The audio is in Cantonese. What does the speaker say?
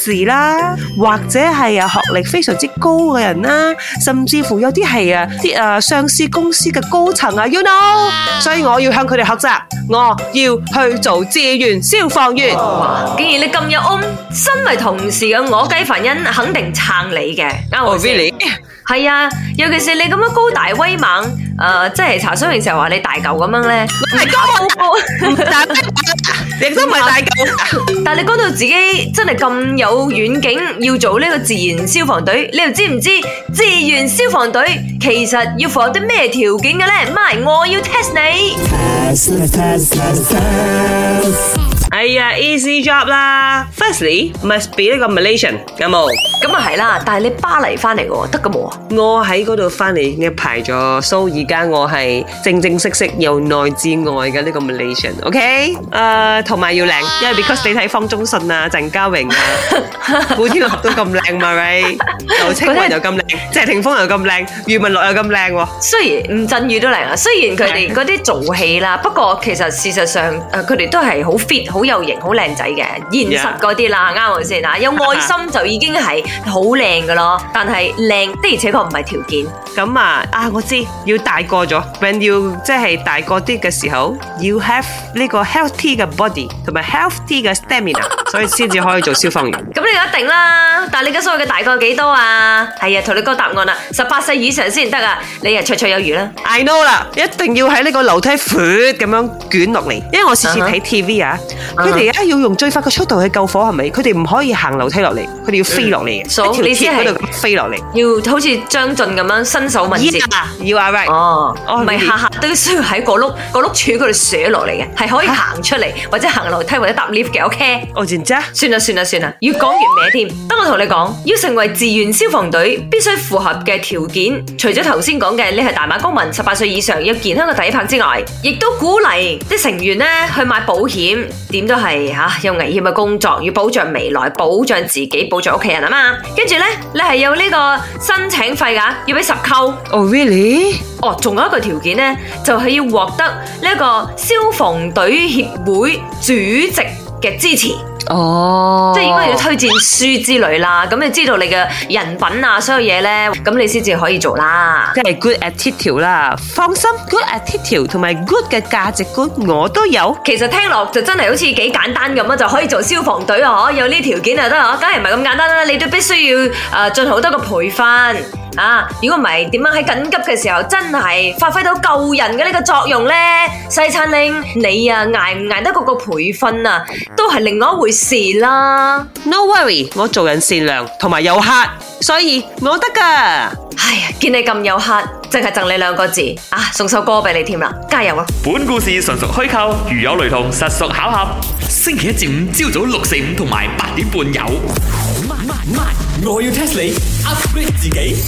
事啦，或者係學歷非常之高嘅人啦，甚至乎有啲係上市公司嘅高層啊，you know？所以我要向佢哋學習，我要去做志願消防員。既然你咁有心，身為同事嘅我雞凡人肯定撐你嘅，Billy，oh, really？係啊，尤其是你咁樣高大威猛，誒、呃，即係查茶商平時話你大舊咁樣咧，太高。 你不是大狗， 但你講到自己真係咁有遠景，要做呢個自然消防隊，你又知唔知自然消防隊其實要符合啲咩條件嘅呢？唔係，我要 test 你。係啊，easy job 啦。Firstly，must be 呢個 Malaysian 有冇？咁咪係啦，但係你巴黎返嚟喎，得㗎冇啊？我喺嗰度返嚟已經排咗，所以而家我係正正式式由內至外嘅呢個 Malaysian，OK？誒，同埋要靚，因為 because 你睇方中信啊、鄭嘉穎啊、古天樂都咁靚，嘛，喂，劉青雲又咁靚，謝霆鋒又咁靚，余文樂又咁靚喎。雖然吳鎮宇都靚啊，雖然佢哋嗰啲做戲啦，不過其實事實上誒，佢哋都係好 fit 好。又型好靚仔嘅，現實嗰啲啦，啱唔啱先啊？有愛心就已經係好靚噶咯， 但係靚的而且確唔係條件。咁啊，啊我知道，要大個咗，when 要即係大個啲嘅時候，要 have 呢個 healthy 嘅 body 同埋 healthy 嘅 stamina， 所以先至可以做消防員。咁 你一定啦，但係你嘅所謂嘅大個幾多啊？係啊，同你個答案啊。十八歲以上先得啊，你啊綽綽有餘啦。I know 啦，一定要喺呢個樓梯 fall 咁樣捲落嚟，因為我次次睇 TV 啊。Uh -huh. 啊佢哋而家要用最快嘅速度去救火，係咪？佢哋唔可以行樓梯落嚟，佢哋要飛落嚟所以你即係飛落嚟，要好似張晉咁樣伸手敏捷。Yeah, you are right. Oh, 哦，唔係下下都需要喺過碌過碌柱嗰度寫落嚟嘅，係可以行出嚟、啊，或者行樓梯，或者搭 lift OK。哦，然之，算啦算啦算啦，越講越歪添。等我同你講，要成為自願消防隊必須符合嘅條件，除咗頭先講嘅你係大馬公民、十八歲以上、有健康嘅底牌之外，亦都鼓勵啲成員呢去買保險。點？都係、啊、有危險嘅工作，要保障未來，保障自己，保障屋企人啊嘛。跟住呢你係有呢個申請費㗎，要俾十扣。Oh really？哦，仲有一個條件呢，就係要獲得呢個消防隊協會主席嘅支持哦，oh。即係應該要推薦書之類啦，咁你知道你嘅人品啊，所有嘢呢，咁你先至可以做啦，即係 good attitude 啦，放心，good attitude 同埋 good 嘅價值觀我都有，其實聽落就真係好似幾簡單咁啊，就可以做消防隊啊，有呢條件就得啊，梗係唔係咁簡單啦，你都必須要誒進好多個培訓。啊！不如果唔係，點樣喺緊急嘅時候真係發揮到救人嘅呢個作用咧？細餐令你啊，挨唔挨得過個,個培訓啊？都係另外一回事啦。No worry，我做人善良同埋有 heart，所以我得噶。哎呀，見你咁有 heart，淨係贈你兩個字啊，送首歌俾你添啦，加油啊！本故事純屬虛構，如有雷同，實屬巧合。星期一至五朝早六四五同埋八點半有。My, my, my, 我要 test 你 upgrade 自己。